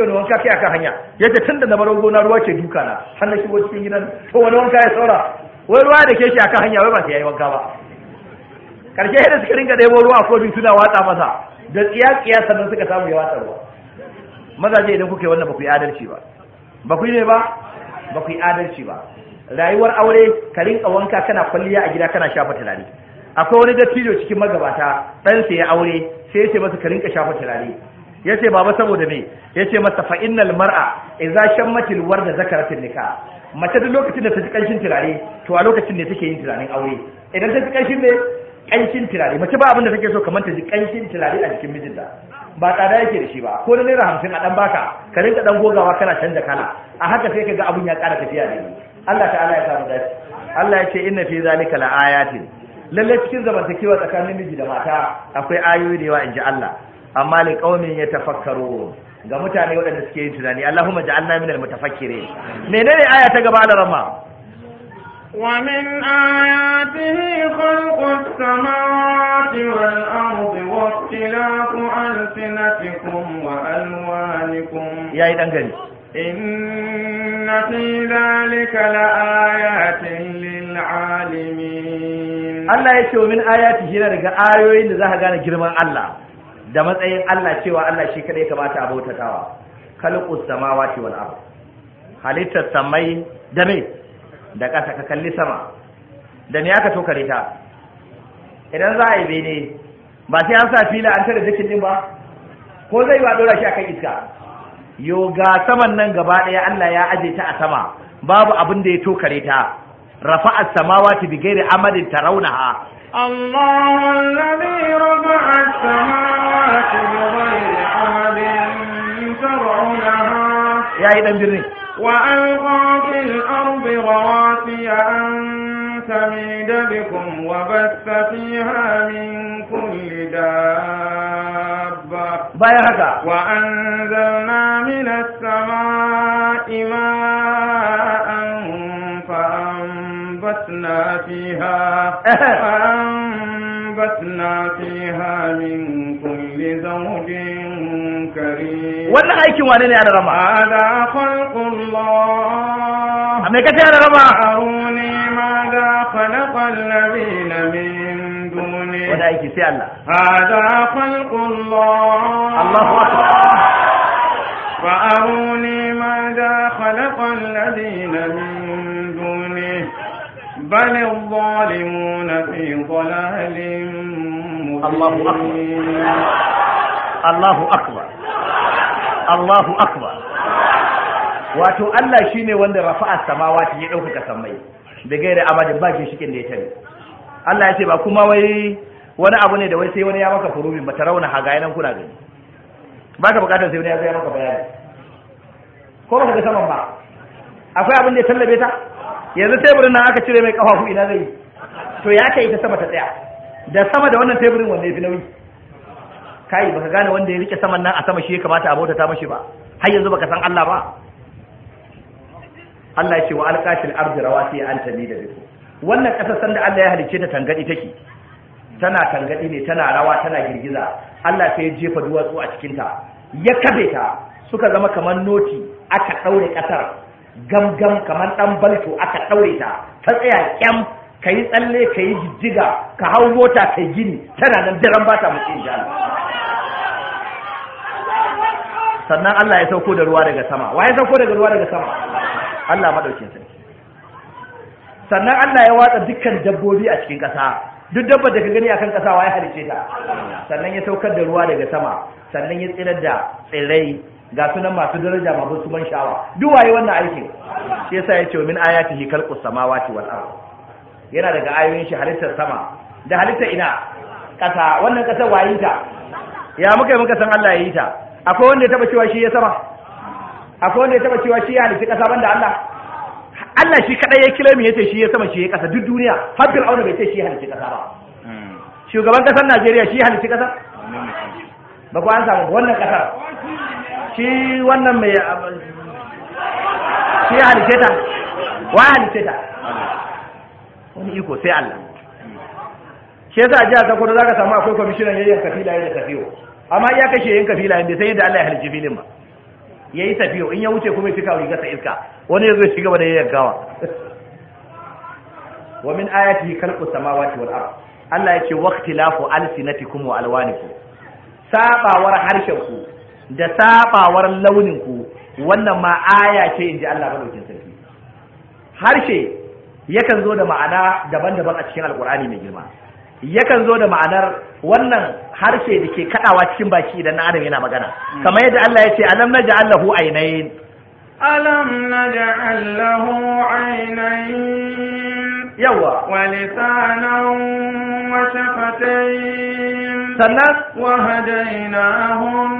sai wani wanka kai aka hanya yace tunda na baro gona ruwa ke duka na har na shigo cikin gidan to wani wanka ya saura wai ruwa da ke shi aka hanya wai ba sai yayi wanka ba karshe da suka ringa ɗebo ruwa ko kodin suna watsa masa da tsiya tsiya sannan suka samu ya watsa ruwa mazaje idan kuke wannan ba ku adalci ba ba ne ba ba adalci ba rayuwar aure ka rinka wanka kana kwalliya a gida kana shafa tunani akwai wani dattijo cikin magabata ɗansa ya aure sai ya ce masa ka rinka shafa tunani Ya ce baba saboda me yace masa fa innal mar'a idza shammatil warda zakaratin nikah mace duk lokacin da ta ji kanshin turare to a lokacin ne take yin tunanin aure idan ta ji kanshin ne kanshin turare mace ba abin da take so kamar ta ji kanshin turare a jikin mijinta ba tsada yake da shi ba ko na naira hamsin a dan baka ka rinka dan gogawa kana canza kala a haka sai ka ga abin ya kara tafiya da ni Allah ta'ala ya samu dace Allah ya ce inna fi zalika la ayatin lalle cikin zamantakewa tsakanin miji da mata akwai ayoyi da yawa in ji Allah amma li qaumin yatafakkaru ga mutane waɗanda suke yin tunani Allahumma ja'alna minal mutafakkire menene aya ta gaba da rama wa min ayatihi khalqus samawati wal ardi wa ikhtilafu alsinatikum wa alwanikum yayi dan gani. inna fi dhalika la ayatin lil alamin Allah yake min ayati hira daga ayoyin da za ka gane girman Allah da matsayin Allah cewa Allah shi kadai kamata a bautatawa khalqus samawati wal ard Halitta samai da me da kasa ka kalli sama da me aka tokare ta idan za a yi bene ba sai an sa fila an tare dukin din ba ko zai ba dora shi akan iska yo ga saman nan gaba ɗaya Allah ya aje ta a sama babu abin da ya tokare ta rafa'a samawati bi ghairi amadin tarawnaha Allahu alladhi وألقى في الأرض رواسي أن تميد بكم وبث فيها من كل دابة بيهكا وأنزلنا من السماء ماء فأنبتنا فيها فأنبتنا فيها wannan aikin wane ne ana rama hada khalqullah me kace ana rama aruni ma da khalaqal ladina min duni wanda aiki sai Allah hada khalqullah Allahu akbar فأروني ماذا خلق الذين من دونه بل الظالمون في ضلال مبين الله أكبر الله أكبر Allahu akbar wato Allah shine wanda rafa'a samawati ya ɗaukaka sammai da gaira amadin ba shi shikin da ya tare Allah ya ce ba kuma wai wani abu ne da wai sai wani ya maka furubin ba ta rauna haga nan kuna gani ba ka bukatar sai wani ya zai maka bayani ko ba ka ga saman ba akwai abin da ya tallabe ta yanzu teburin nan aka cire mai kafafu ina zai to ya kai ta sama ta tsaya da sama da wannan teburin wanda ya fi nauyi kai baka gane wanda ya rike saman nan a sama shi ya kamata a bauta ta mashi ba har yanzu baka san Allah ba Allah ya ce wa alqatil ardi rawati an tamida bikum wannan kasar san da Allah ya halicce ta tangadi take tana tangadi ne tana rawa tana girgiza Allah sai ya jefa duwatsu a cikin ta ya kabe ta suka zama kamar noti aka daure kasar gamgam kamar dan balto aka daure ta ta tsaya kyam ka tsalle ka yi jijjiga ka hau mota kai gini tana nan daren ba ta mutum jihar sannan Allah ya sauko da ruwa daga sama wa ya sauko daga ruwa daga sama Allah madaukin sarki sannan Allah ya watsa dukkan dabbobi a cikin ƙasa duk dabbar da ka gani akan ƙasa wa ya halice ta sannan ya saukar da ruwa daga sama sannan ya tsirar da tsirrai ga sunan masu daraja masu ban sha'awa duk waye wannan aikin shi yasa ya ce min ayatihi khalqus samawati wal ard yana daga ayoyin shi halittar sama da halittar ina ƙasa wannan ƙasar wayin ta ya muka yi muka san Allah ya yi ta akwai wanda ya taba cewa shi ya sama akwai wanda ya taba cewa shi ya halitta kasa banda Allah Allah shi kadai ya kila mu yace shi ya sama shi ya kasa duk duniya har auna bai ce shi ya halitta kasa ba hmm. shugaban kasar Najeriya shi ya halitta kasa ba ku an samu wannan kasar shi wannan mai shi ya halitta ta wa halitta ta wani iko sai Allah hmm. shi yasa a jihar Sokoto zaka samu akwai kwamishinan yayyan kafila yayin da tafiyo amma ya kashe yin kafila inda sai yadda Allah ya halicci filin ba yayi tafiyo in ya wuce kuma ya fika gasa iska wani ya zo gaba shiga da gawa wa min ayati khalqu samawati wal ard Allah yace waqtilafu alsinatikum wa alwanikum sabawar ku da sabawar ku wannan ma aya ce inji Allah madaukin sarki harshe yakan zo da ma'ana daban-daban a cikin alkur'ani mai girma yakan zo da ma'anar wannan harshe da ke kadawa cikin baki idan na adam yana magana hmm. kamar yadda Allah ya ce alam naj'al lahu aynayn alam naj'al lahu aynayn yawa wa lisanan wa shafatayn sannan wa hadaynahum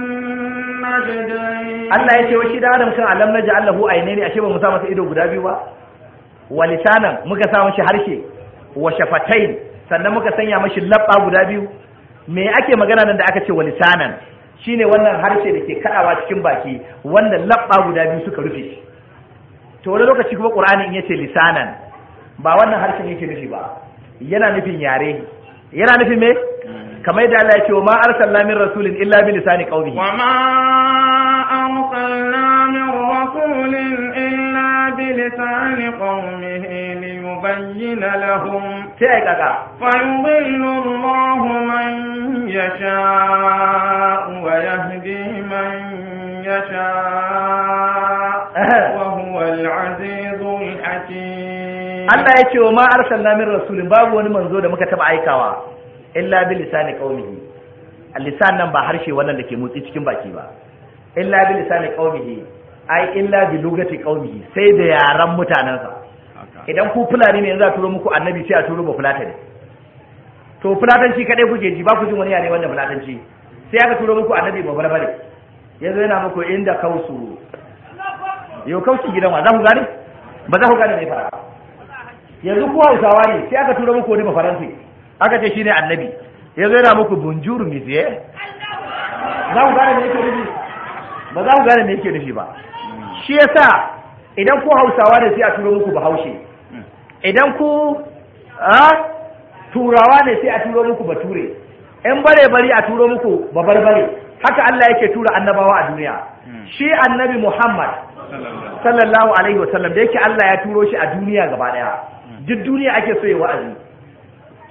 Allah ya ce wa shi da adam kan alam naj'al lahu aynayn ashe ba mu sa masa ido guda biyu ba wa lisanan muka sa mishi harshe wa shafatain sannan muka sanya mashi labba guda biyu me ake magana nan da aka ce wa lisanan ne wannan harshe da ke kaɗawa cikin baki wanda labba guda biyu suka rufe to wani lokaci kuma qur'ani in yace lisanan ba wannan harshen yake nufi ba yana nufin yare yana nufin me kamar da Allah ya ce ma arsalna min rasulin illa bi lisani qaumihi wa ma arsalna min rasulin illa bi lisani qaumihi ليبين لهم فيضل Allah ya ce wa ma arsalna min rasulin babu wani manzo da muka taba aikawa illa bi lisani qaumihi lisan nan ba harshe wannan da ke motsi cikin baki ba illa bi lisani qaumihi ai illa bi lugati qaumihi sai da yaran mutanansa idan ku fulani ne yanzu a turo muku annabi sai a turo ba fulatani to fulatanci kadai kuke ji ba ku jin wani yare wanda fulatanci sai aka turo muku annabi ba barbare yanzu yana muku inda kausu yau kausu gidan wa za ku gane ba za ku gane mai fara yanzu ku hausawa ne sai aka turo muku wani ba faransi aka ce shine annabi yanzu yana muku bunjuru miziye za ku gane me yake nufi ba za ku gane me yake nufi ba shi yasa idan ku hausawa ne sai a turo muku bahaushe idan ku turawa ne sai a turo muku ba ture. in bare bari a turo muku ba bar bare haka Allah yake tura annabawa a duniya hmm. shi annabi Muhammad sallallahu alaihi wasallam da yake Allah ya turo shi a duniya gaba daya hmm. duk duniya ake so ya wa'azi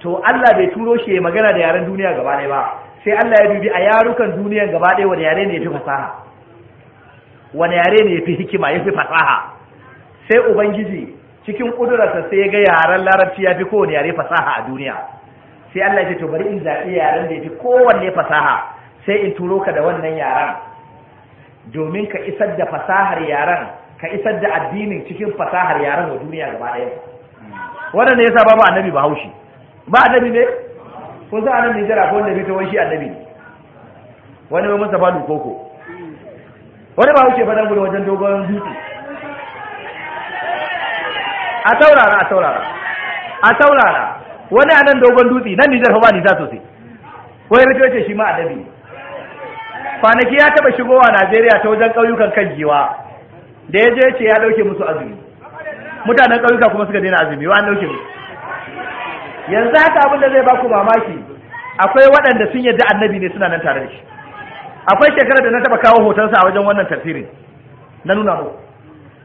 to Allah bai turo shi ya magana da yaren duniya gaba daya ba sai Allah ya dubi a yarukan duniya gaba daya wani yare ne ya fi fasaha wani yare ne ya fi hikima ya fi fasaha sai ubangiji cikin kudurarsa sai ya ga yaren larabci ya fi kowane yare fasaha a duniya sai Allah ya ce to bari in zaɓi yaren da ya fi kowanne fasaha sai in turo ka da wannan yaren domin ka isar da fasahar yaren ka isar da addinin cikin fasahar yaren wa duniya gaba ɗaya wannan ne yasa babu annabi ba haushi ba annabi ne kun san annabi jira ko wanda bi ta wani annabi wani mai musa falu koko wani ba haushi fa dan gudu wajen dogon dutse a taurara a taurara a taurara wani a nan dogon dutse nan nijar hawa nisa sosai Wani rufe ce shi ma a dabi kwanaki ya taba shigowa Najeriya ta wajen ƙauyukan kan giwa da ya je ce ya dauke musu azumi mutanen ƙauyuka kuma suka daina azumi wa an dauke musu yanzu haka abin da zai baku mamaki akwai waɗanda sun yadda annabi ne suna nan tare da shi akwai shekarar da na taba kawo hotonsa a wajen wannan tafsirin na nuna muku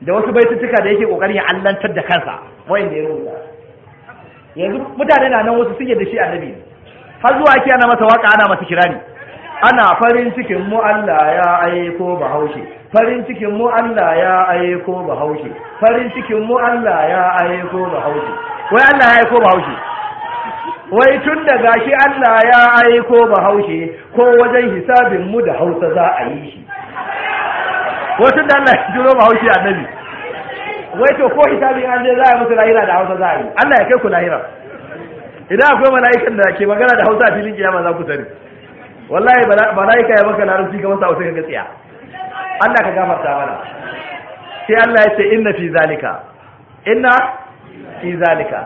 da wasu cika da yake kokarin ya allantar da kansa da ya rubuta yanzu mutane na nan wasu suke da shi annabi har zuwa ake ana masa waka ana masa kirani ana farin cikin mu Allah ya aiko bahaushe farin cikin mu Allah ya aiko bahaushe farin cikin mu Allah ya aiko bahaushe wai Allah ya aiko bahaushe wai tun da gashi Allah ya aiko bahaushe ko wajen hisabin mu da Hausa za a yi shi wasu da Allah ya jiro bahaushe annabi wai to ko hisabi an je za a musu lahira da hausa za a yi Allah ya kai ku lahira idan akwai mala'ikan da ke magana da hausa a filin kiyama za ku sani wallahi mala'ika ya maka larabci kamar sa wasu ka tsiya Allah ka gafarta mana sai Allah ya ce inna fi zalika inna fi zalika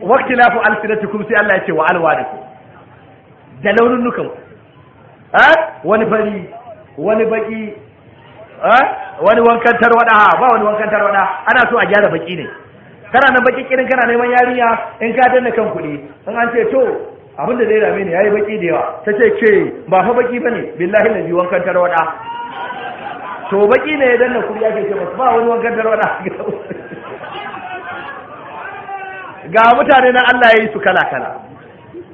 waqtilafu alsinatikum sai Allah ya ce wa ku da launin nukan wani fari wani baki Eh? wani wankan tarwada ba wani wankan tarwada ana so a gyara baki ne kana nan baki kirin kana neman yarinya in ka danna kan kuɗi in an ce to abin da zai rame ne yayi baki da yawa ta ce ke ba fa baki bane billahi lazi wankan tarwada to baki ne ya danna kuɗi ake ce ba wani wankan tarwada ga mutane na Allah ya yi su kala kala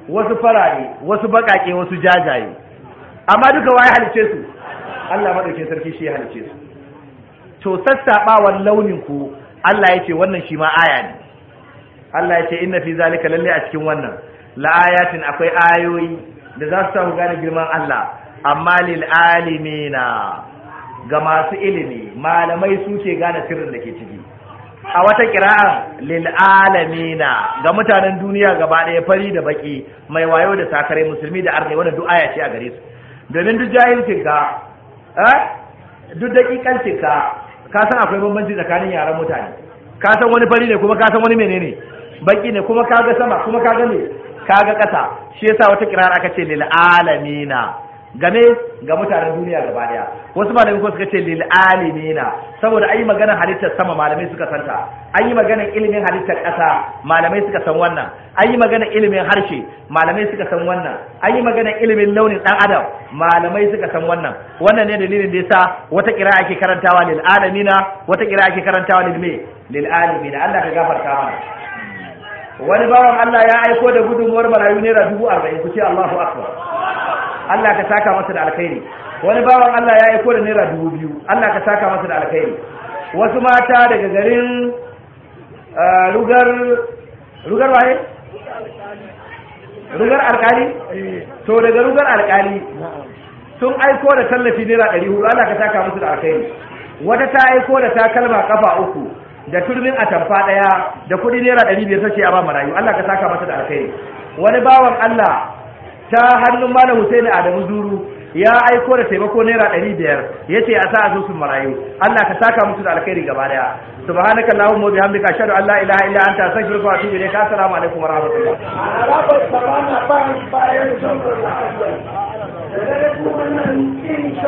wasu farare wasu bakake wasu jajaye amma duka waye halice su Allah madaukin sarki shi ya halice su to sassaɓawan launin ku Allah ya ce wannan shi ma aya ne Allah ya ce inna fi zalika lalle a cikin wannan ayatin akwai ayoyi da za su samu gane girman Allah amma lil alimina ga masu ilimi malamai su ke gane sirrin da ke ciki a wata kira'a lil alamina ga mutanen duniya gaba ɗaya fari da baki mai wayo da sakarai musulmi da arne wannan du'a ya ce a gare su domin duk jahilcin ka Eh? duk dakikancin ka ka san akwai bambanci tsakanin yaren mutane ka san wani fari ne kuma ka san wani menene baki ne kuma ka ga sama kuma ka ga ne ka ga ƙasa shi yasa wata kirar aka ce lil alamina game ga mutanen duniya gaba daya wasu malami ko suka ce lil alimina saboda ayi maganar halittar sama malamai suka santa an yi maganar ilimin halittar ƙasa malamai suka san wannan an maganar ilimin harshe malamai suka san wannan an yi maganar ilimin launin dan adam malamai suka san wannan wannan ne dalilin da yasa wata kira ake karantawa lil alamina wata kira ake karantawa lil me lil alimina Allah ka gafarta mana wani bawan Allah ya aiko da gudunmuwar marayu naira dubu arba'in ku ce Allahu akbar Allah ka saka masa da alkhairi wani bawan Allah ya yi da naira dubu biyu Allah ka saka masa da alkhairi wasu mata daga garin uh, rugar rugar waye rugar alkali to daga rugar alkali sun aiko da tallafi naira ɗari hudu Allah ka saka masa da alkhairi wata ta aiko da takalma kafa uku da turmin atamfa ɗaya da kuɗi naira ɗari biyar sace a ba marayu Allah ka saka masa da alkhairi wani bawan Allah ta hannun malam Hussein Adamu Zuru ya aiko da taimako naira ɗari biyar ya ce a sa a sun marayu Allah ka saka musu da alkhairi gaba daya subhanaka allahumma wa bihamdika ashhadu an la ilaha illa anta astaghfiruka wa atubu ilayka assalamu alaikum wa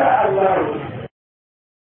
rahmatullah